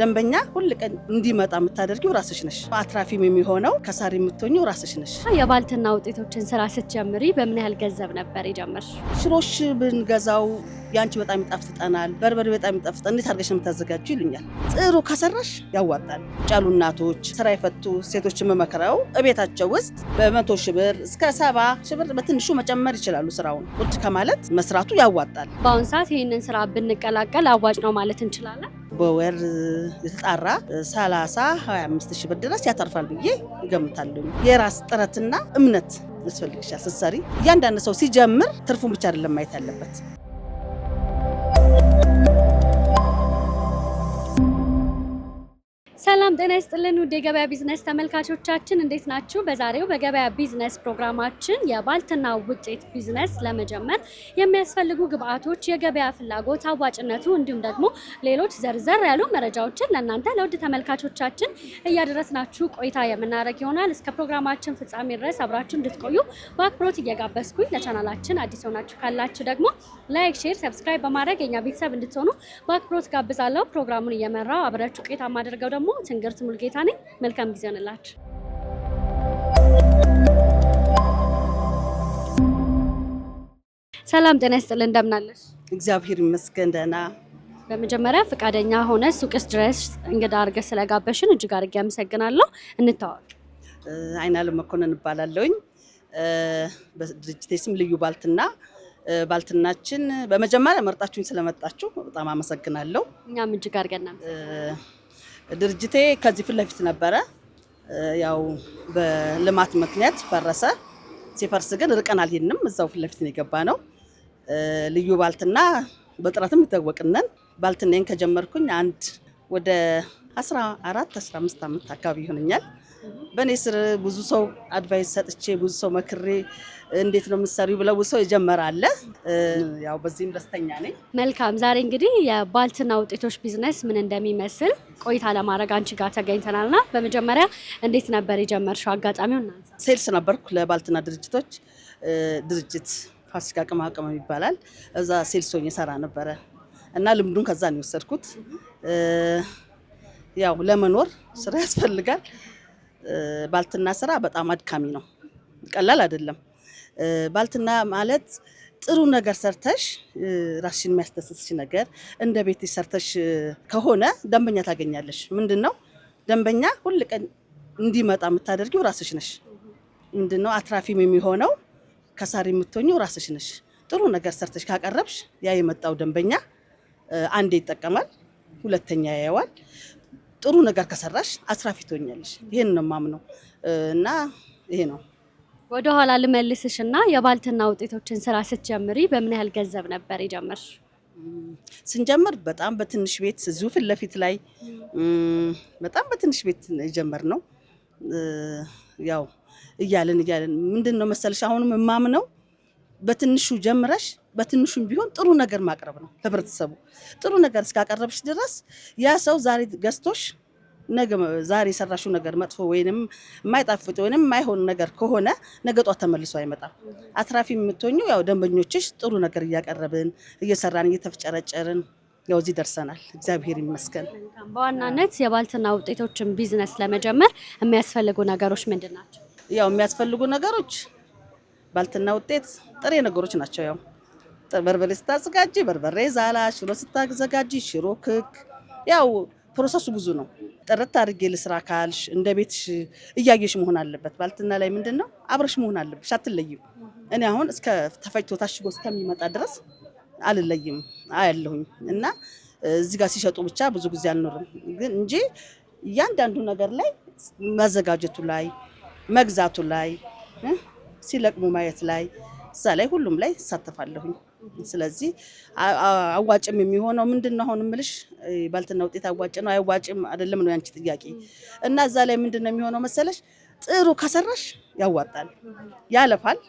ደንበኛ ሁል ቀን እንዲመጣ የምታደርጊው ራስሽ ነሽ። አትራፊም የሚሆነው ከሳሪ የምትሆኚው ራስሽ ነሽ። የባልትና ውጤቶችን ስራ ስትጀምሪ በምን ያህል ገንዘብ ነበር የጀመርሽ? ሽሮሽ ብንገዛው የአንቺ በጣም ይጣፍጠናል፣ በርበሬ በጣም ይጣፍጠናል፣ እንዴት አድርገሽ የምታዘጋጁ ይሉኛል። ጥሩ ከሰራሽ ያዋጣል። ጫሉ እናቶች ስራ የፈቱ ሴቶችን መመክረው እቤታቸው ውስጥ በመቶ ሺህ ብር እስከ ሰባ ሺህ ብር በትንሹ መጨመር ይችላሉ። ስራውን ውድ ከማለት መስራቱ ያዋጣል። በአሁን ሰዓት ይህንን ስራ ብንቀላቀል አዋጭ ነው ማለት እንችላለን። በወር የተጣራ 30 25 ሺህ ብር ድረስ ያተርፋል ብዬ እገምታለሁ። የራስ ጥረትና እምነት ያስፈልግሻል ስትሰሪ። እያንዳንድ ሰው ሲጀምር ትርፉን ብቻ አይደለም ማየት ያለበት። ሰላም ጤና ይስጥልን ውድ የገበያ ቢዝነስ ተመልካቾቻችን እንዴት ናችሁ? በዛሬው በገበያ ቢዝነስ ፕሮግራማችን የባልትና ውጤት ቢዝነስ ለመጀመር የሚያስፈልጉ ግብአቶች፣ የገበያ ፍላጎት፣ አዋጭነቱ እንዲሁም ደግሞ ሌሎች ዘርዘር ያሉ መረጃዎችን ለእናንተ ለውድ ተመልካቾቻችን እያደረስናችሁ ቆይታ የምናደርግ ይሆናል። እስከ ፕሮግራማችን ፍጻሜ ድረስ አብራችሁ እንድትቆዩ በአክብሮት እየጋበዝኩኝ ለቻናላችን አዲስ ሆናችሁ ካላችሁ ደግሞ ላይክ፣ ሼር፣ ሰብስክራይብ በማድረግ የኛ ቤተሰብ እንድትሆኑ በአክብሮት ጋብዛለሁ። ፕሮግራሙን እየመራው አብራችሁ ቆይታ ማደርገው ደግሞ ሰንገርት ሙልጌታ ነኝ። መልካም ጊዜ ሆነላችሁ። ሰላም ጤና ይስጥልን። እንደምናለሽ? እግዚአብሔር ይመስገን ደህና። በመጀመሪያ ፈቃደኛ ሆነ ሱቅስ ድረስ እንግዳ አድርገ ስለጋበሽን እጅግ አድርጌ አመሰግናለሁ። እንታወቅ። አይናለም መኮንን እባላለሁኝ። በድርጅቴ ስም ልዩ ባልትና ባልትናችን በመጀመሪያ መርጣችሁኝ ስለመጣችሁ በጣም አመሰግናለሁ። እኛም እጅግ አድርገን ድርጅቴ ከዚህ ፊት ለፊት ነበረ። ያው በልማት ምክንያት ፈረሰ። ሲፈርስ ግን ርቀን አልሄድንም፣ እዛው ፊት ለፊት ነው የገባ ነው። ልዩ ባልትና በጥረትም ይታወቅነን። ባልትናን ከጀመርኩኝ አንድ ወደ 14 15 ዓመት አካባቢ ይሆነኛል። በእኔ ስር ብዙ ሰው አድቫይስ ሰጥቼ ብዙ ሰው መክሬ እንዴት ነው የምትሰሪው ብለው ሰው የጀመራለ። ያው በዚህም ደስተኛ ነኝ። መልካም። ዛሬ እንግዲህ የባልትና ውጤቶች ቢዝነስ ምን እንደሚመስል ቆይታ ለማድረግ አንቺ ጋር ተገኝተናልና በመጀመሪያ እንዴት ነበር የጀመርሽው? አጋጣሚው እናንሳ። ሴልስ ነበርኩ ለባልትና ድርጅቶች ድርጅት ፋሲካ ቅመማ ቅመም ይባላል። እዛ ሴልስ ሆኜ ሰራ ነበረ እና ልምዱን ከዛ ነው የወሰድኩት። ያው ለመኖር ስራ ያስፈልጋል ባልትና ስራ በጣም አድካሚ ነው፣ ቀላል አይደለም። ባልትና ማለት ጥሩ ነገር ሰርተሽ ራስሽን የሚያስደስትሽ ነገር እንደ ቤት ሰርተሽ ከሆነ ደንበኛ ታገኛለሽ። ምንድን ነው ደንበኛ ሁል ቀን እንዲመጣ የምታደርጊው ራስሽ ነሽ። ምንድን ነው አትራፊም የሚሆነው ከሳሪ የምትሆኚው ራስሽ ነሽ። ጥሩ ነገር ሰርተሽ ካቀረብሽ ያ የመጣው ደንበኛ አንዴ ይጠቀማል፣ ሁለተኛ ያየዋል፣ ጥሩ ነገር ከሰራሽ አስራፊ ትሆኛለሽ። ይሄን ነው የማምነው እና ይሄ ነው። ወደ ኋላ ልመልስሽ እና የባልትና ውጤቶችን ስራ ስትጀምሪ በምን ያህል ገንዘብ ነበር የጀመርሽ? ስንጀምር በጣም በትንሽ ቤት እዚሁ ፊት ለፊት ላይ በጣም በትንሽ ቤት የጀመር ነው። ያው እያለን እያለን ምንድን ነው መሰለሽ አሁንም የማምነው በትንሹ ጀምረሽ በትንሹም ቢሆን ጥሩ ነገር ማቅረብ ነው ህብረተሰቡ። ጥሩ ነገር እስካቀረብሽ ድረስ ያ ሰው ዛሬ ገዝቶሽ ነገ ዛሬ የሰራሽው ነገር መጥፎ ወይንም የማይጣፍጥ ወይንም የማይሆን ነገር ከሆነ ነገ ጧት ተመልሶ አይመጣም። አትራፊ የምትሆኙ ያው ደንበኞችሽ ጥሩ ነገር እያቀረብን እየሰራን እየተፍጨረጨርን ያው እዚህ ደርሰናል። እግዚአብሔር ይመስገን። በዋናነት የባልትና ውጤቶችን ቢዝነስ ለመጀመር የሚያስፈልጉ ነገሮች ምንድን ናቸው? ያው የሚያስፈልጉ ነገሮች ባልትና ውጤት ጥሬ ነገሮች ናቸው። ያው በርበሬ ስታዘጋጂ በርበሬ ዛላ፣ ሽሮ ስታዘጋጂ ሽሮ፣ ክክ ያው ፕሮሰሱ ብዙ ነው። ጥርት አድርጌ ልስራ ካልሽ እንደ ቤትሽ እያየሽ መሆን አለበት። ባልትና ላይ ምንድን ነው አብረሽ መሆን አለብሽ፣ አትለይም። እኔ አሁን እስከ ተፈጭቶ ታሽጎ እስከሚመጣ ድረስ አልለይም አያለሁኝ እና እዚህ ጋር ሲሸጡ ብቻ ብዙ ጊዜ አልኖርም፣ ግን እንጂ እያንዳንዱ ነገር ላይ መዘጋጀቱ ላይ መግዛቱ ላይ ሲለቅሙ ማየት ላይ እዛ ላይ ሁሉም ላይ እሳተፋለሁኝ። ስለዚህ አዋጭም የሚሆነው ምንድን ነው? አሁን ምልሽ ባልትና ውጤት አዋጭ ነው አይዋጭም አይደለም ነው ያንቺ ጥያቄ። እና እዛ ላይ ምንድን ነው የሚሆነው መሰለሽ፣ ጥሩ ከሰራሽ ያዋጣል፣ ያለፋል።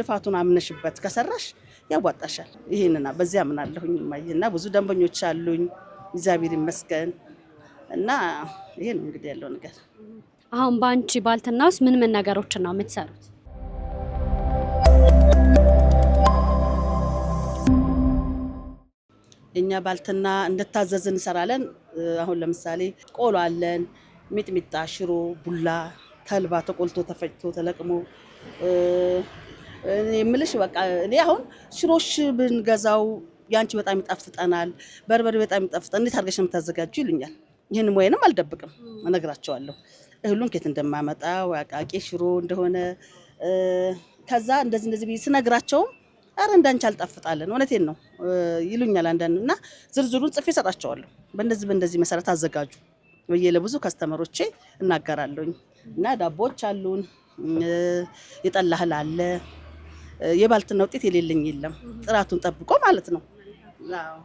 ልፋቱን አምነሽበት ከሰራሽ ያዋጣሻል። ይሄንና በዚያ አምናለሁኝ እና ብዙ ደንበኞች አሉኝ እግዚአብሔር ይመስገን። እና ይሄ ነው እንግዲህ ያለው ነገር። አሁን በአንቺ ባልትና ውስጥ ምን ምን ነገሮችን ነው የምትሰሩት? እኛ ባልትና እንደታዘዝ እንሰራለን። አሁን ለምሳሌ ቆሎ አለን፣ ሚጥሚጣ፣ ሽሮ፣ ቡላ፣ ተልባ ተቆልቶ ተፈጭቶ ተለቅሞ የምልሽ በቃ እኔ አሁን ሽሮሽ ብንገዛው ያንቺ በጣም ይጣፍጠናል፣ በርበሬ በጣም ይጣፍጠ፣ እንዴት አድርገሽ የምታዘጋጁ ይሉኛል። ይህን ወይንም አልደብቅም፣ እነግራቸዋለሁ። እህሉን ኬት እንደማመጣ አቃቂ ሽሮ እንደሆነ ከዛ እንደዚህ እንደዚህ ስነግራቸውም አረ እንዳንቺ አልጣፍጣለን እውነቴን ነው ይሉኛል አንዳንድ እና ዝርዝሩን ጽፌ እሰጣቸዋለሁ። በእንደዚህ በእንደዚህ መሰረት አዘጋጁ ብዬ ለብዙ ከስተመሮቼ እናገራለሁኝ። እና ዳቦዎች አሉን፣ የጠላ አለ፣ የባልትና ውጤት የሌለኝ የለም ጥራቱን ጠብቆ ማለት ነው።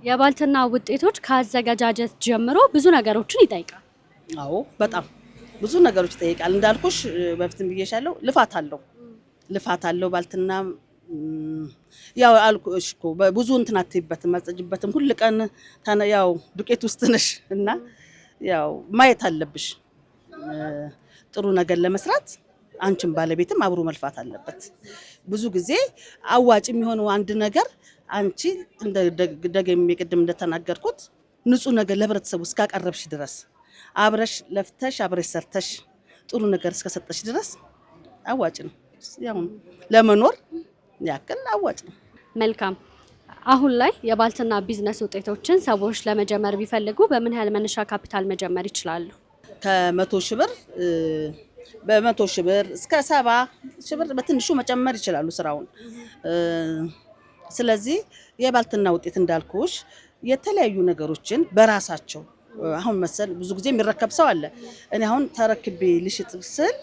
የባልትና ውጤቶች ከአዘገጃጀት ጀምሮ ብዙ ነገሮችን ይጠይቃል። አዎ በጣም ብዙ ነገሮች ይጠይቃል። እንዳልኩሽ በፊትም ብዬሻለሁ፣ ልፋት አለው ልፋት አለው ባልትና ያው አልኩሽ እኮ ብዙ እንትን አትይበትም አትጸጅበትም። ሁል ቀን ያው ዱቄት ውስጥ ነሽ እና ያው ማየት አለብሽ። ጥሩ ነገር ለመስራት አንቺም ባለቤትም አብሮ መልፋት አለበት። ብዙ ጊዜ አዋጭ የሚሆነው አንድ ነገር አንቺ ደግሜ ቅድም እንደተናገርኩት ንጹህ ነገር ለህብረተሰቡ እስካቀረብሽ ድረስ አብረሽ ለፍተሽ አብረሽ ሰርተሽ ጥሩ ነገር እስከሰጠሽ ድረስ አዋጭ ነው ያው ለመኖር ያክል መልካም። አሁን ላይ የባልትና ቢዝነስ ውጤቶችን ሰዎች ለመጀመር ቢፈልጉ በምን ያህል መነሻ ካፒታል መጀመር ይችላሉ? ከመቶ ሺ ብር በመቶ ሺ ብር እስከ ሰባ ሺ ብር በትንሹ መጨመር ይችላሉ ስራውን። ስለዚህ የባልትና ውጤት እንዳልኩሽ የተለያዩ ነገሮችን በራሳቸው አሁን መሰል ብዙ ጊዜ የሚረከብ ሰው አለ። እኔ አሁን ተረክቤ ልሽጥ ስል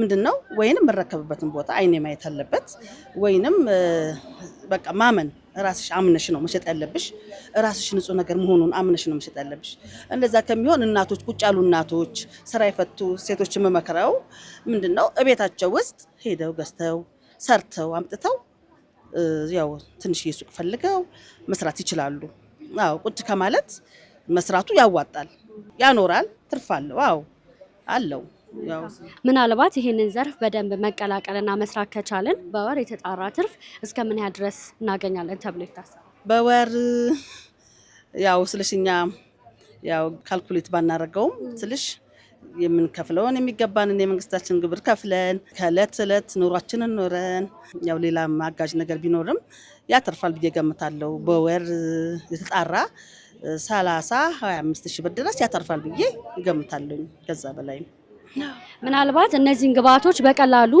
ምንድን ነው ወይንም የምረከብበትን ቦታ አይኔ ማየት አለበት፣ ወይንም በቃ ማመን ራስሽ አምነሽ ነው መሸጥ ያለብሽ። ራስሽ ንጹህ ነገር መሆኑን አምነሽ ነው መሸጥ ያለብሽ። እንደዛ ከሚሆን እናቶች ቁጭ ያሉ እናቶች፣ ስራ የፈቱ ሴቶች የምመክረው ምንድን ነው እቤታቸው ውስጥ ሄደው ገዝተው ሰርተው አምጥተው ያው ትንሽ ሱቅ ፈልገው መስራት ይችላሉ። አዎ ቁጭ ከማለት መስራቱ ያዋጣል፣ ያኖራል፣ ትርፍ አለው። አዎ አለው። ምናልባት ይህንን ዘርፍ በደንብ መቀላቀልና መስራት ከቻልን በወር የተጣራ ትርፍ እስከ ምን ያህል ድረስ እናገኛለን ተብሎ ይታሰባል? በወር ያው ስልሽኛ ያው ካልኩሌት ባናደርገውም ስልሽ የምንከፍለውን የሚገባንን የመንግስታችን ግብር ከፍለን ከእለት እለት ኑሯችንን ኖረን ያው ሌላ አጋዥ ነገር ቢኖርም ያተርፋል ብዬ ገምታለሁ። በወር የተጣራ ሰላሳ ሀያ አምስት ሺህ ብር ድረስ ያተርፋል ብዬ ይገምታለኝ ከዛ በላይም ምናልባት እነዚህን ግብአቶች በቀላሉ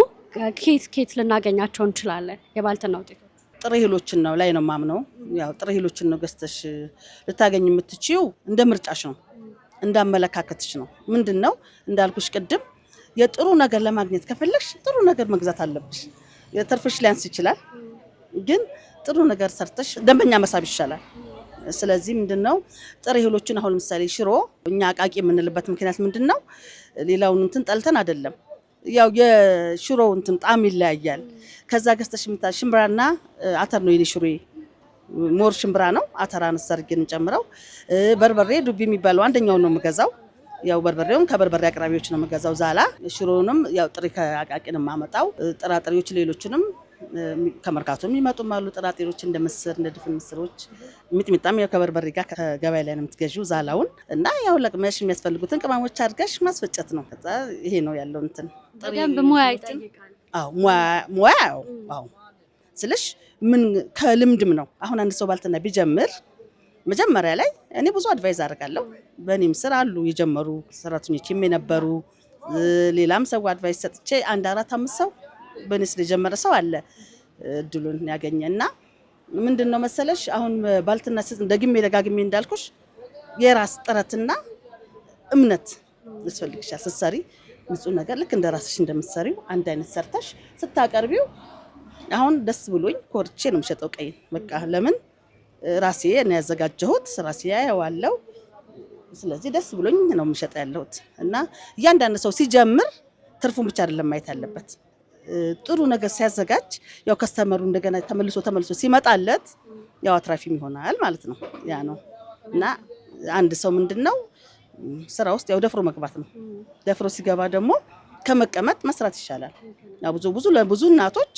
ኬት ኬት ልናገኛቸው እንችላለን? የባልትና ውጤቶች ጥሬ እህሎችን ነው ላይ ነው ማምነው። ያው ጥሬ እህሎችን ነው ገዝተሽ ልታገኝ የምትችው። እንደ ምርጫሽ ነው፣ እንዳመለካከትሽ ነው። ምንድን ነው እንዳልኩሽ ቅድም የጥሩ ነገር ለማግኘት ከፈለግሽ ጥሩ ነገር መግዛት አለብሽ። የትርፍሽ ሊያንስ ይችላል፣ ግን ጥሩ ነገር ሰርተሽ ደንበኛ መሳብ ይሻላል። ስለዚህ ምንድን ነው ጥሬ እህሎችን አሁን ለምሳሌ ሽሮ እኛ አቃቂ የምንልበት ምክንያት ምንድን ነው? ሌላውን እንትን ጠልተን አይደለም። ያው የሽሮ እንትን ጣም ይለያያል። ከዛ ገዝተሽ ምታ ሽምብራና አተር ነው የኔ ሽሮ ሞር ሽምብራ ነው። አተራን ሰርግን ጨምረው በርበሬ ዱቢ የሚባለው አንደኛው ነው የምገዛው። ያው በርበሬውም ከበርበሬ አቅራቢዎች ነው የምገዛው። ዛላ ሽሮንም ያው ጥሬ ከአቃቂ ነው የማመጣው። ጥራጥሬዎች ሌሎችንም ከመርካቶ የሚመጡም አሉ ጥራጤሮች እንደ ምስር እንደ ድፍን ምስሮች፣ ሚጥሚጣም ከበርበሬ ጋር ከገበያ ላይ ነው የምትገዢው ዛላውን እና ያው ለቅመሽ የሚያስፈልጉትን ቅመሞች አድርገሽ ማስፈጨት ነው። ከዛ ይሄ ነው ያለው እንትን ሙያ ያው ስልሽ ምን ከልምድም ነው። አሁን አንድ ሰው ባልትና ቢጀምር መጀመሪያ ላይ እኔ ብዙ አድቫይዝ አድርጋለሁ። በእኔም ስራ አሉ የጀመሩ ሰራተኞችም የነበሩ ሌላም ሰው አድቫይስ ሰጥቼ አንድ አራት አምስት ሰው በንስል የጀመረ ሰው አለ እድሉን ያገኘ እና ምንድን ነው መሰለሽ አሁን ባልትና ስልጣን ደግሜ ደጋግሜ እንዳልኩሽ የራስ ጥረትና እምነት ያስፈልግሻል። ስትሰሪ ንጹህ ነገር ልክ እንደ ራስሽ እንደምትሰሪው አንድ አይነት ሰርተሽ ስታቀርቢው አሁን ደስ ብሎኝ ኮርቼ ነው የምሸጠው ቀይን። በቃ ለምን ራሴ ነው ያዘጋጀሁት፣ ራሴ ያየዋለው። ስለዚህ ደስ ብሎኝ ነው የምሸጠ ያለሁት እና እያንዳንድ ሰው ሲጀምር ትርፉን ብቻ አይደለም ማየት አለበት?። ጥሩ ነገር ሲያዘጋጅ ያው ከስተመሩ እንደገና ተመልሶ ተመልሶ ሲመጣለት ያው አትራፊም ይሆናል ማለት ነው። ያ ነው እና አንድ ሰው ምንድን ነው ስራ ውስጥ ያው ደፍሮ መግባት ነው። ደፍሮ ሲገባ ደግሞ ከመቀመጥ መስራት ይሻላል። ያው ብዙ ብዙ ለብዙ እናቶች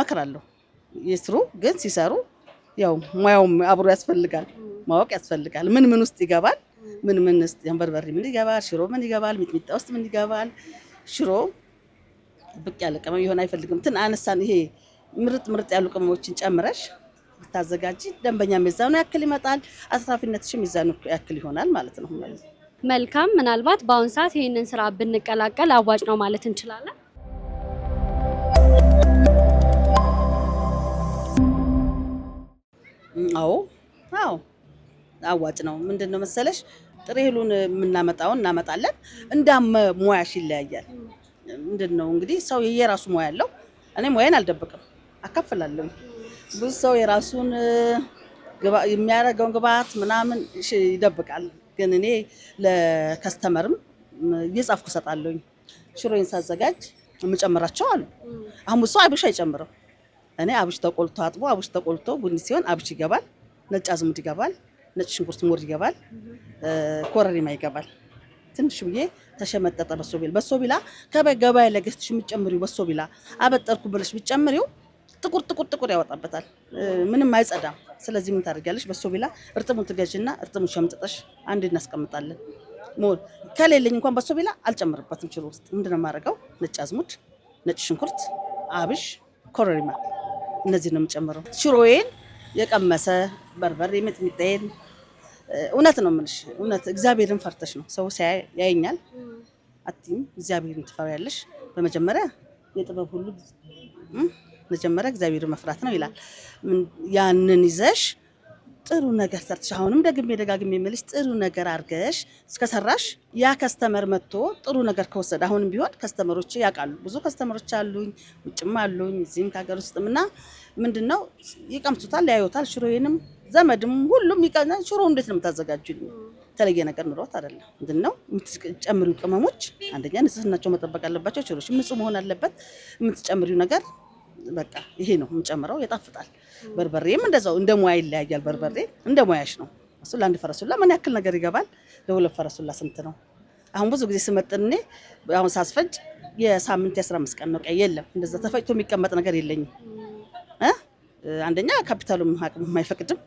መክራለሁ ይስሩ፣ ግን ሲሰሩ ያው ሙያውም አብሮ ያስፈልጋል። ማወቅ ያስፈልጋል። ምን ምን ውስጥ ይገባል፣ ምን ምን ውስጥ በርበሬ ምን ይገባል፣ ሽሮ ምን ይገባል፣ ሚጥሚጣ ውስጥ ምን ይገባል፣ ሽሮ ብቅ ያለ ቅመም ይሆን አይፈልግም። ትን አነሳን ይሄ ምርጥ ምርጥ ያሉ ቅመሞችን ጨምረሽ ብታዘጋጂ ደንበኛ የዛኑ ያክል ይመጣል። አትራፊነትሽ ሚዛኑ ያክል ይሆናል ማለት ነው። መልካም። ምናልባት በአሁን ሰዓት ይህንን ስራ ብንቀላቀል አዋጭ ነው ማለት እንችላለን። አዎ አዎ፣ አዋጭ ነው። ምንድን ነው መሰለሽ ጥሬ እህሉን የምናመጣውን እናመጣለን። እንዳመ ሙያሽ ይለያያል። ምንድን ነው እንግዲህ ሰው የራሱ ሙያ ያለው፣ እኔ ሙያን አልደብቅም፣ አካፍላለሁ። ብዙ ሰው የራሱን የሚያደርገውን ግብአት ምናምን ይደብቃል። ግን እኔ ለከስተመርም እየጻፍኩ እሰጣለሁ ሽሮዬን ሳዘጋጅ የምጨምራቸው አሉ። አሁን ሰው አብሽ አይጨምርም። እኔ አብሽ ተቆልቶ አጥቦ አብሽ ተቆልቶ ቡኒ ሲሆን አብሽ ይገባል፣ ነጭ አዝሙድ ይገባል፣ ነጭ ሽንኩርት ሞድ ይገባል፣ ኮረሪማ ይገባል። ትንሽ ብዬ ተሸመጠጠ። በሶ ቢላ በሶ ቢላ ገበያ ላይ ገዝተሽ የምትጨምሪው በሶ ቢላ አበጠርኩ ብለሽ ብትጨምሪው ጥቁር ጥቁር ጥቁር ያወጣበታል። ምንም አይጸዳም። ስለዚህ ምን ታደርጊያለሽ? በሶ ቢላ እርጥሙን ትገዥና እርጥሙን ሸምጥጠሽ አንድ እናስቀምጣለን። ሞል ከሌለኝ እንኳን በሶ ቢላ አልጨምርበትም። ችሎ ውስጥ ምንድነው የማደርገው? ነጭ አዝሙድ፣ ነጭ ሽንኩርት፣ አብሽ፣ ኮረሪማ እነዚህ ነው የምጨምረው። ሽሮዬን የቀመሰ በርበሬ ሚጥሚጣዬን እውነት ነው የምልሽ፣ እውነት እግዚአብሔርን ፈርተሽ ነው ሰው ያየኛል አትይም። እግዚአብሔርን ትፈሪያለሽ። በመጀመሪያ የጥበብ ሁሉ መጀመሪያ እግዚአብሔርን መፍራት ነው ይላል። ያንን ይዘሽ ጥሩ ነገር ሰርተሽ አሁንም ደግሜ ደጋግሜ የምልሽ ጥሩ ነገር አድርገሽ እስከሰራሽ ያ ከስተመር መጥቶ ጥሩ ነገር ከወሰደ አሁንም ቢሆን ከስተመሮች ያውቃሉ። ብዙ ከስተመሮች አሉኝ፣ ውጭም አሉኝ፣ እዚህም ከሀገር ውስጥም እና ምንድን ነው ይቀምሱታል፣ ያዩታል ሽሮዬንም ዘመድም ሁሉም ይቀና። ሽሮ እንዴት ነው የምታዘጋጁልኝ? የተለየ ነገር ኑሮት አይደለም። ምንድን ነው የምትጨምሪው? ቅመሞች አንደኛ ንጽህናቸው መጠበቅ አለባቸው። ሽሮሽ ንጹህ መሆን አለበት። የምትጨምሪው ነገር በቃ ይሄ ነው የምጨምረው፣ ይጣፍጣል። በርበሬም እንደዛው እንደ ሙያ ይለያያል። በርበሬ እንደ ሙያሽ ነው። እሱ ለአንድ ፈረሱላ ምን ያክል ነገር ይገባል? ለሁለት ፈረሱላ ስንት ነው? አሁን ብዙ ጊዜ ስመጥኔ አሁን ሳስፈጅ የሳምንት የአስራ አምስት ቀን ነው ቀይ የለም። እንደዛ ተፈጭቶ የሚቀመጥ ነገር የለኝም። አንደኛ ካፒታሉም አቅሙም አይፈቅድም።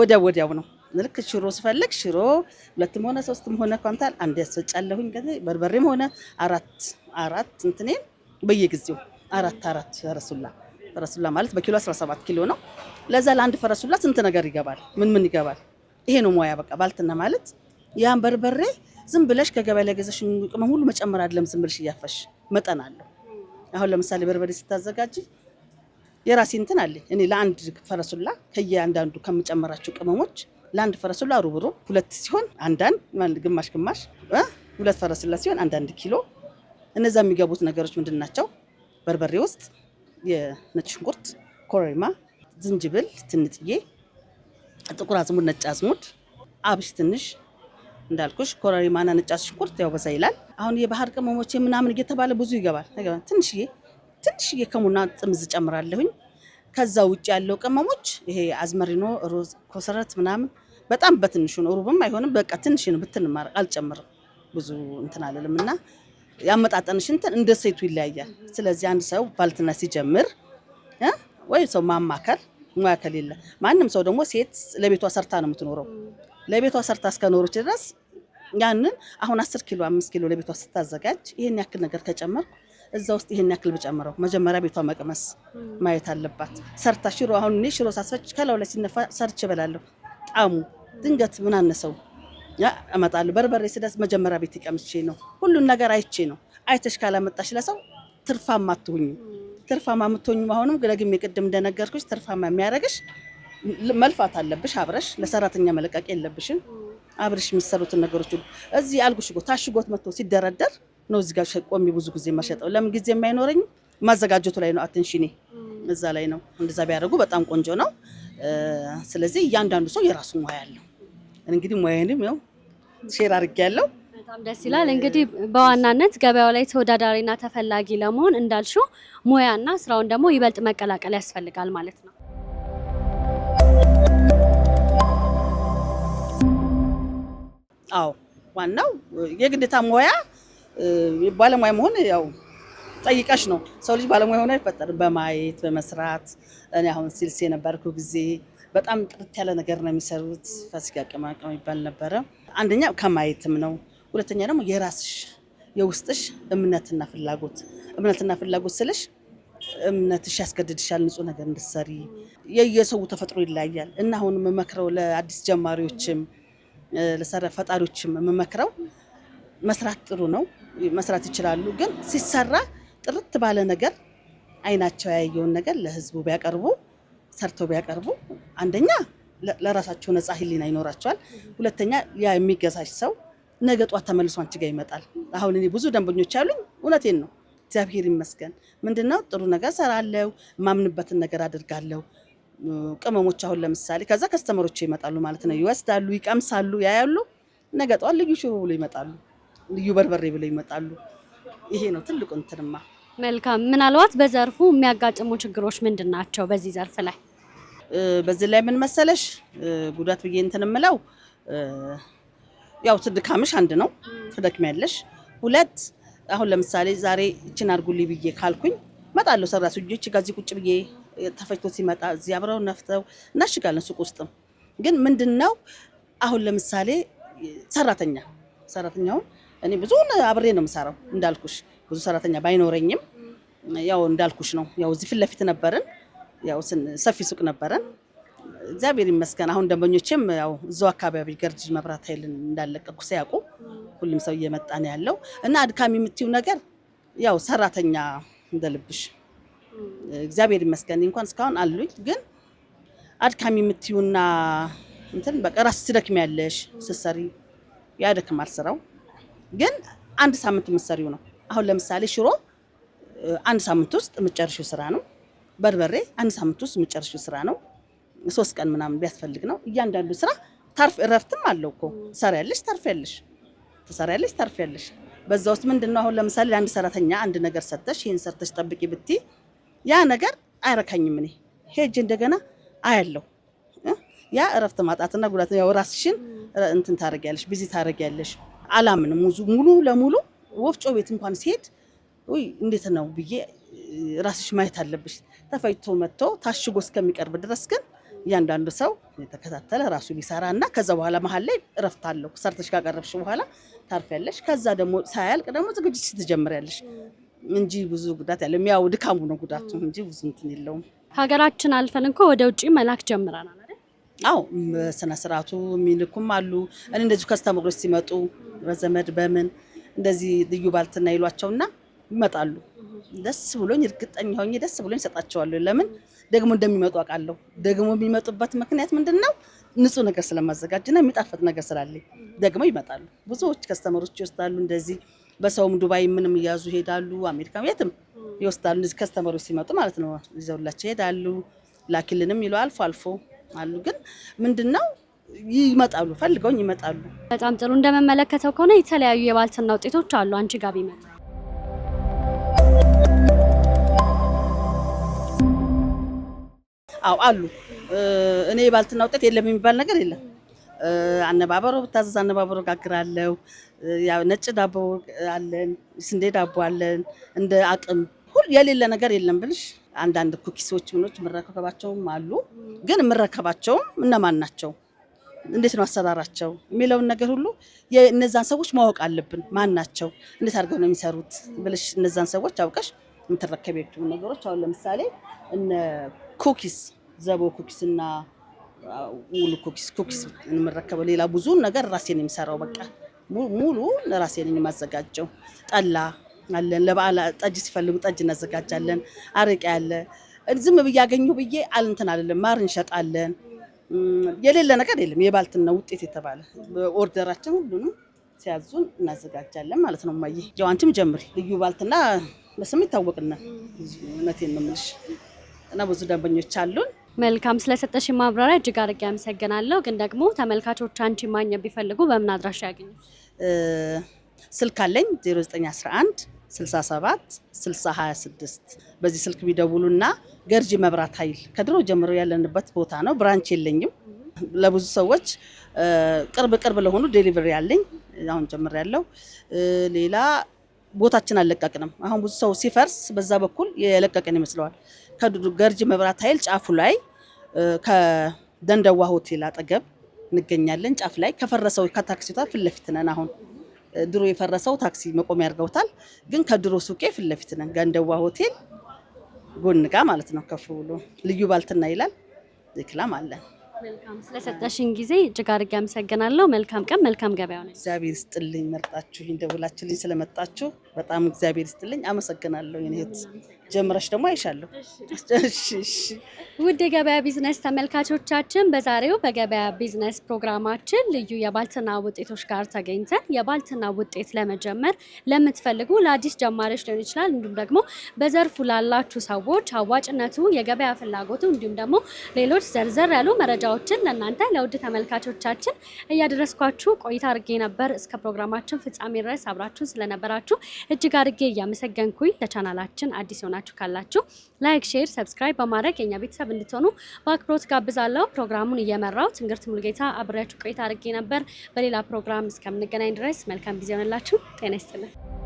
ወዲያው ወዲያው ነው። ልክ ሽሮ ስፈልግ ሽሮ ሁለትም ሆነ ሶስትም ሆነ ኳንታል አንድ ያስፈጫለሁኝ። በርበሬም ሆነ አራት አራት እንትኔ በየጊዜው አራት አራት ፈረሱላ ፈረሱላ ማለት በኪሎ 17 ኪሎ ነው። ለዛ ለአንድ ፈረሱላ ስንት ነገር ይገባል? ምን ምን ይገባል? ይሄ ነው ሙያ በቃ ባልትና ማለት ያን በርበሬ ዝም ብለሽ ከገበያ ላይ ገዘሽ ቅመም ሁሉ መጨመር አይደለም። ዝም ብለሽ እያፈሽ መጠን አለው። አሁን ለምሳሌ በርበሬ ስታዘጋጅ የራሴ እንትን አለኝ እኔ ለአንድ ፈረሱላ ከየአንዳንዱ ከምጨመራቸው ቅመሞች ለአንድ ፈረሱላ ሩብሩብ ሁለት ሲሆን አንዳንድ ግማሽ ግማሽ ሁለት ፈረሱላ ሲሆን አንዳንድ ኪሎ እነዛ የሚገቡት ነገሮች ምንድን ናቸው? በርበሬ ውስጥ የነጭ ሽንኩርት፣ ኮረሪማ፣ ዝንጅብል ትንጥዬ፣ ጥቁር አዝሙድ፣ ነጭ አዝሙድ፣ አብሽ ትንሽ እንዳልኩሽ ኮረሪማና ነጭ ሽንኩርት ያው በዛ ይላል። አሁን የባህር ቅመሞች ምናምን እየተባለ ብዙ ይገባል። ትንሽዬ ትንሽዬ ከሙና ጥምዝ ጨምራለሁኝ። ከዛ ውጭ ያለው ቅመሞች ይሄ አዝመሪኖ፣ ሮዝ፣ ኮሰረት ምናምን በጣም በትንሹ ነው። ሩብም አይሆንም በቃ ትንሽ ነው ብትንማር አልጨምርም ብዙ እንትን አለልም እና ያመጣጠንሽ እንትን እንደ ሴቱ ይለያያል። ስለዚህ አንድ ሰው ባልትና ሲጀምር ወይ ሰው ማማከር ሙያ ከሌለ ማንም ሰው ደግሞ ሴት ለቤቷ ሰርታ ነው የምትኖረው። ለቤቷ ሰርታ እስከኖሮች ድረስ ያንን አሁን አስር ኪሎ አምስት ኪሎ ለቤቷ ስታዘጋጅ ይህን ያክል ነገር ከጨመርኩ እዛ ውስጥ ይሄን ያክል ብጨምረው፣ መጀመሪያ ቤቷ መቅመስ ማየት አለባት። ሰርታ ሽሮ አሁን እኔ ሽሮ ሳስፈጭ ከላው ላይ ሲነፋ ሰርች እበላለሁ። ጣሙ ድንገት ምን አነሰው እመጣለሁ። በርበሬ ስደስ መጀመሪያ ቤት ቀምቼ ነው ሁሉን ነገር አይቼ ነው። አይተሽ ካላመጣሽ ለሰው ትርፋማ አትሆኝም። ትርፋማ የምትሆኝም አሁንም ግለግም የቅድም እንደነገርኩሽ ትርፋማ የሚያደርግሽ መልፋት አለብሽ። አብረሽ ለሰራተኛ መለቃቂ የለብሽም። አብረሽ የሚሰሩትን ነገሮች ሁሉ እዚህ አልጉሽ ጎ ታሽጎት መጥቶ ሲደረደር ነው እዚህ ጋር ቆሜ ብዙ ጊዜ የማሸጠው። ለምን ጊዜ የማይኖረኝ ማዘጋጀቱ ላይ ነው። አቴንሽኔ እዛ ላይ ነው። እንደዛ ቢያደርጉ በጣም ቆንጆ ነው። ስለዚህ እያንዳንዱ ሰው የራሱ ሙያ ያለው እንግዲህ ሙያንም ው ሼር ያለው በጣም ደስ ይላል። እንግዲህ በዋናነት ገበያው ላይ ተወዳዳሪና ተፈላጊ ለመሆን እንዳልሽው ሙያና ስራውን ደግሞ ይበልጥ መቀላቀል ያስፈልጋል ማለት ነው። አዎ ዋናው የግዴታ ሙያ ባለሙያ መሆን ያው ጠይቀሽ ነው። ሰው ልጅ ባለሙያ ሆኖ አይፈጠርም። በማየት በመስራት እኔ አሁን ሲልስ የነበርኩ ጊዜ በጣም ጥርት ያለ ነገር ነው የሚሰሩት። ፋሲካ አቀማቀም ይባል ነበረ። አንደኛ ከማየትም ነው፣ ሁለተኛ ደግሞ የራስሽ የውስጥሽ እምነትና ፍላጎት እምነትና ፍላጎት ስልሽ እምነትሽ ያስገድድሻል ንጹህ ነገር እንድትሰሪ። የየሰው ተፈጥሮ ይለያያል እና አሁን የምመክረው ለአዲስ ጀማሪዎችም ለሰረ ፈጣሪዎችም የምመክረው መስራት ጥሩ ነው፣ መስራት ይችላሉ። ግን ሲሰራ ጥርት ባለ ነገር አይናቸው ያየውን ነገር ለህዝቡ ቢያቀርቡ ሰርተው ቢያቀርቡ አንደኛ ለራሳቸው ነፃ ህሊና ይኖራቸዋል። ሁለተኛ ያ የሚገዛሽ ሰው ነገ ጧት ተመልሶ አንቺ ጋር ይመጣል። አሁን እኔ ብዙ ደንበኞች ያሉኝ እውነቴን ነው። እግዚአብሔር ይመስገን ምንድነው ጥሩ ነገር ሰራለው፣ የማምንበትን ነገር አድርጋለሁ። ቅመሞች አሁን ለምሳሌ ከዛ ከስተመሮች ይመጣሉ ማለት ነው። ይወስዳሉ፣ ይቀምሳሉ፣ ያያሉ። ነገ ጧት ልዩ ሽሮ ብሎ ይመጣሉ። ልዩ በርበሬ ብለው ይመጣሉ። ይሄ ነው ትልቁ እንትንማ። መልካም። ምናልባት በዘርፉ የሚያጋጥሙ ችግሮች ምንድን ናቸው? በዚህ ዘርፍ ላይ በዚህ ላይ ምን መሰለሽ ጉዳት ብዬ እንትን የምለው ያው ትድካምሽ አንድ ነው፣ ትደክሚያለሽ። ሁለት አሁን ለምሳሌ ዛሬ እችን አድርጉልኝ ብዬ ካልኩኝ እመጣለሁ። ሰራተኞች ከዚህ ቁጭ ብዬ ተፈጭቶ ሲመጣ እዚህ አብረው ነፍተው እናሽጋለን። ሱቅ ውስጥም ግን ምንድን ነው አሁን ለምሳሌ ሰራተኛ ሰራተኛውን እኔ ብዙ አብሬ ነው የምሰራው። እንዳልኩሽ ብዙ ሰራተኛ ባይኖረኝም ያው እንዳልኩሽ ነው። ያው እዚህ ፊት ለፊት ነበረን፣ ያው ሰፊ ሱቅ ነበረን። እግዚአብሔር ይመስገን አሁን ደንበኞችም ያው እዛው አካባቢ ገርጅ መብራት ኃይልን እንዳለቀኩ ሲያውቁ ሁሉም ሰው እየመጣ ነው ያለው እና አድካሚ የምትይው ነገር ያው ሰራተኛ እንደልብሽ እግዚአብሔር ይመስገን እንኳን እስካሁን አሉኝ። ግን አድካሚ የምትዩና እንትን በቃ ራስ ትደክሚያለሽ ስትሰሪ፣ ያደክማል ስራው። ግን አንድ ሳምንት የምትሰሪው ነው። አሁን ለምሳሌ ሽሮ አንድ ሳምንት ውስጥ የምጨርሽው ስራ ነው። በርበሬ አንድ ሳምንት ውስጥ የምጨርሽው ስራ ነው። ሶስት ቀን ምናምን ቢያስፈልግ ነው። እያንዳንዱ ስራ ታርፍ እረፍትም አለው እኮ ትሰሪያለሽ፣ ታርፊያለሽ፣ ትሰሪያለሽ፣ ታርፊያለሽ። በዛ ውስጥ ምንድነው አሁን ለምሳሌ ለአንድ ሰራተኛ አንድ ነገር ሰጥተሽ ይህን ሰርተሽ ጠብቂ ብቲ ያ ነገር አይረካኝም። እኔ ሄጅ እንደገና አያለው ያ እረፍት ማጣትና ጉዳት ያው ራስሽን እንትን ታደርጊያለሽ፣ ቢዚ ታደርጊያለሽ። አላምንም። ሙሉ ለሙሉ ወፍጮ ቤት እንኳን ሲሄድ ውይ እንዴት ነው ብዬ ራስሽ ማየት አለብሽ። ተፈጭቶ መጥቶ ታሽጎ እስከሚቀርብ ድረስ ግን እያንዳንዱ ሰው የተከታተለ ራሱ ቢሰራ እና ከዛ በኋላ መሀል ላይ እረፍት አለው። ሰርተሽ ካቀረብሽ በኋላ ታርፊያለሽ። ከዛ ደግሞ ሳያልቅ ደግሞ ዝግጅት ትጀምሪያለሽ እንጂ ብዙ ጉዳት ያለው ያው ድካሙ ነው ጉዳቱ እንጂ ብዙ እንትን የለውም። ሀገራችን አልፈን እኮ ወደ ውጭ መላክ ጀምረናል። አዎ በስነ ስርዓቱ የሚልኩም አሉ። እኔ እንደዚሁ ከስተምሮች ሲመጡ በዘመድ በምን እንደዚህ ልዩ ባልትና ይሏቸውና ይመጣሉ። ደስ ብሎኝ እርግጠኛ ሆኜ ደስ ብሎኝ እሰጣቸዋለሁ። ለምን ደግሞ እንደሚመጡ አውቃለሁ። ደግሞ የሚመጡበት ምክንያት ምንድን ነው? ንጹህ ነገር ስለማዘጋጅና የሚጣፈጥ ነገር ስላለኝ ደግሞ ይመጣሉ። ብዙዎች ከስተመሮች ይወስዳሉ። እንደዚህ በሰውም ዱባይ ምንም እያዙ ይሄዳሉ። አሜሪካ የትም ይወስዳሉ። እነዚህ ከስተመሮች ሲመጡ ማለት ነው። ይዘውላቸው ይሄዳሉ። ላኪልንም ይለው አልፎ አልፎ አሉ። ግን ምንድን ነው ይመጣሉ፣ ፈልገውኝ ይመጣሉ። በጣም ጥሩ። እንደመመለከተው ከሆነ የተለያዩ የባልትና ውጤቶች አሉ አንቺ ጋር ቢመጡ አው አሉ። እኔ የባልትና ውጤት የለም የሚባል ነገር የለም። አነባበሮ ብታዘዝ አነባበሮ ጋግራለሁ። ነጭ ዳቦ አለን፣ ስንዴ ዳቦ አለን። እንደ አቅም ሁሉ የሌለ ነገር የለም ብልሽ አንዳንድ ኩኪሶች ምኖች የምረከባቸውም አሉ። ግን የምረከባቸውም እነማን ናቸው፣ እንዴት ነው አሰራራቸው የሚለውን ነገር ሁሉ እነዛን ሰዎች ማወቅ አለብን። ማን ናቸው፣ እንዴት አድርገው ነው የሚሰሩት ብለሽ እነዛን ሰዎች አውቀሽ የምትረከቢያቸው ነገሮች አሁን ለምሳሌ እነ ኩኪስ ዘቦ ኩኪስ እና ሙሉ ኩኪስ ኩኪስ የምረከበው ሌላ ብዙ ነገር ራሴን የሚሰራው በቃ ሙሉ ራሴን የማዘጋጀው ጠላ አለን። ለበዓል ጠጅ ሲፈልጉ ጠጅ እናዘጋጃለን። አረቄ አለ። ዝም ብዬ አገኘሁ ብዬ አልንትን አይደለም። ማር እንሸጣለን። የሌለ ነገር የለም። የባልትና ውጤት የተባለ ኦርደራችን ሁሉንም ሲያዙን እናዘጋጃለን ማለት ነው። ማየ ያው አንቺም ጀምሪ። ልዩ ባልትና በስም ይታወቅና እውነቴን ነው የምልሽ እና ብዙ ደንበኞች አሉን። መልካም ስለሰጠሽ ማብራሪያ እጅግ አድርጌ አመሰግናለሁ። ግን ደግሞ ተመልካቾች አንቺ ማግኘት ቢፈልጉ በምን አድራሻ ያገኙ? ስልክ አለኝ 0911 67 6026 በዚህ ስልክ ቢደውሉና ገርጂ መብራት ኃይል ከድሮ ጀምሮ ያለንበት ቦታ ነው። ብራንች የለኝም። ለብዙ ሰዎች ቅርብ ቅርብ ለሆኑ ዴሊቨሪ ያለኝ አሁን ጀምር ያለው ሌላ ቦታችን አልለቀቅንም። አሁን ብዙ ሰው ሲፈርስ በዛ በኩል የለቀቅን ይመስለዋል። ገርጂ መብራት ኃይል ጫፉ ላይ ከደንደዋ ሆቴል አጠገብ እንገኛለን። ጫፍ ላይ ከፈረሰው ከታክሲቷ ፊት ለፊት ነን አሁን ድሮ የፈረሰው ታክሲ መቆሚያ አድርገውታል። ግን ከድሮ ሱቄ ፊት ለፊት ነን፣ ገንደዋ ሆቴል ጎን ጋ ማለት ነው። ከፍ ብሎ ልዩ ባልትና ይላል ክላም አለን። ስለሰጠሽን ጊዜ እጅግ አድርጌ አመሰግናለሁ። መልካም ቀን፣ መልካም ገበያ ነ እግዚአብሔር ስጥልኝ። መርጣችሁ ደውላችሁልኝ ስለመጣችሁ በጣም እግዚአብሔር ይስጥልኝ። አመሰግናለሁ። ይህት ጀምረሽ ደግሞ አይሻለሁ። ውድ የገበያ ቢዝነስ ተመልካቾቻችን በዛሬው በገበያ ቢዝነስ ፕሮግራማችን ልዩ የባልትና ውጤቶች ጋር ተገኝተን የባልትና ውጤት ለመጀመር ለምትፈልጉ ለአዲስ ጀማሪዎች ሊሆን ይችላል፣ እንዲሁም ደግሞ በዘርፉ ላላችሁ ሰዎች አዋጭነቱ፣ የገበያ ፍላጎቱ እንዲሁም ደግሞ ሌሎች ዘርዘር ያሉ መረጃዎችን ለእናንተ ለውድ ተመልካቾቻችን እያደረስኳችሁ ቆይታ አድርጌ ነበር። እስከ ፕሮግራማችን ፍጻሜ ድረስ አብራችሁን ስለነበራችሁ እጅግ አድርጌ እያመሰገንኩኝ ለቻናላችን አዲስ የሆናችሁ ካላችሁ ላይክ፣ ሼር፣ ሰብስክራይብ በማድረግ የኛ ቤተሰብ እንድትሆኑ በአክብሮት ጋብዛለሁ። ፕሮግራሙን እየመራው ትንግርት ሙልጌታ አብሬያችሁ ቆይታ አድርጌ ነበር። በሌላ ፕሮግራም እስከምንገናኝ ድረስ መልካም ጊዜ ሆነላችሁ። ጤና ይስጥልን።